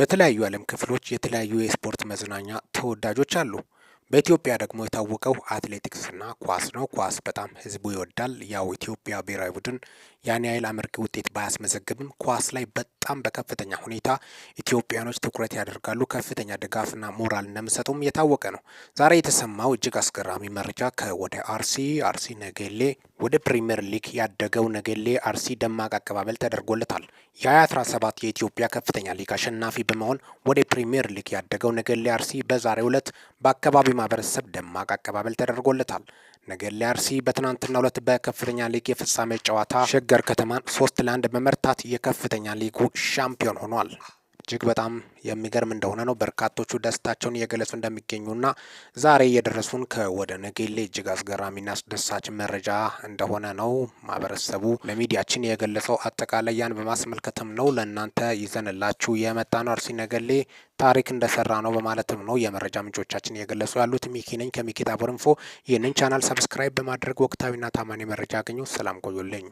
በተለያዩ ዓለም ክፍሎች የተለያዩ የስፖርት መዝናኛ ተወዳጆች አሉ። በኢትዮጵያ ደግሞ የታወቀው አትሌቲክስና ኳስ ነው። ኳስ በጣም ህዝቡ ይወዳል። ያው ኢትዮጵያ ብሔራዊ ቡድን ያን ያህል አመርቂ ውጤት ባያስመዘግብም ኳስ ላይ በጣም በከፍተኛ ሁኔታ ኢትዮጵያኖች ትኩረት ያደርጋሉ። ከፍተኛ ድጋፍና ሞራል እንደምሰጡም የታወቀ ነው። ዛሬ የተሰማው እጅግ አስገራሚ መረጃ ከወደ አርሲ አርሲ ነገሌ ወደ ፕሪምየር ሊግ ያደገው ነገሌ አርሲ ደማቅ አቀባበል ተደርጎለታል። የ2017 የኢትዮጵያ ከፍተኛ ሊግ አሸናፊ በመሆን ወደ ፕሪምየር ሊግ ያደገው ነገሌ አርሲ በዛሬው ዕለት በአካባቢው ማህበረሰብ ደማቅ አቀባበል ተደርጎለታል። ነገሌ አርሲ በትናንትናው ዕለት በከፍተኛ ሊግ የፍጻሜ ጨዋታ ሸገር ከተማን ሶስት ለአንድ በመርታት የከፍተኛ ሊጉ ሻምፒዮን ሆኗል። እጅግ በጣም የሚገርም እንደሆነ ነው። በርካቶቹ ደስታቸውን እየገለጹ እንደሚገኙና ዛሬ እየደረሱን ከወደ ነጌሌ እጅግ አስገራሚና አስደሳች መረጃ እንደሆነ ነው ማህበረሰቡ ለሚዲያችን የገለጸው። አጠቃላይ ያን በማስመልከትም ነው ለእናንተ ይዘንላችሁ የመጣ ነው። አርሲ ነገሌ ታሪክ እንደሰራ ነው በማለትም ነው የመረጃ ምንጮቻችን እየገለጹ ያሉት። ሚኪ ነኝ ከሚኪ ታቦር ይህንን ቻናል ሰብስክራይብ በማድረግ ወቅታዊና ታማኝ መረጃ ያገኘው ሰላም ቆዩልኝ።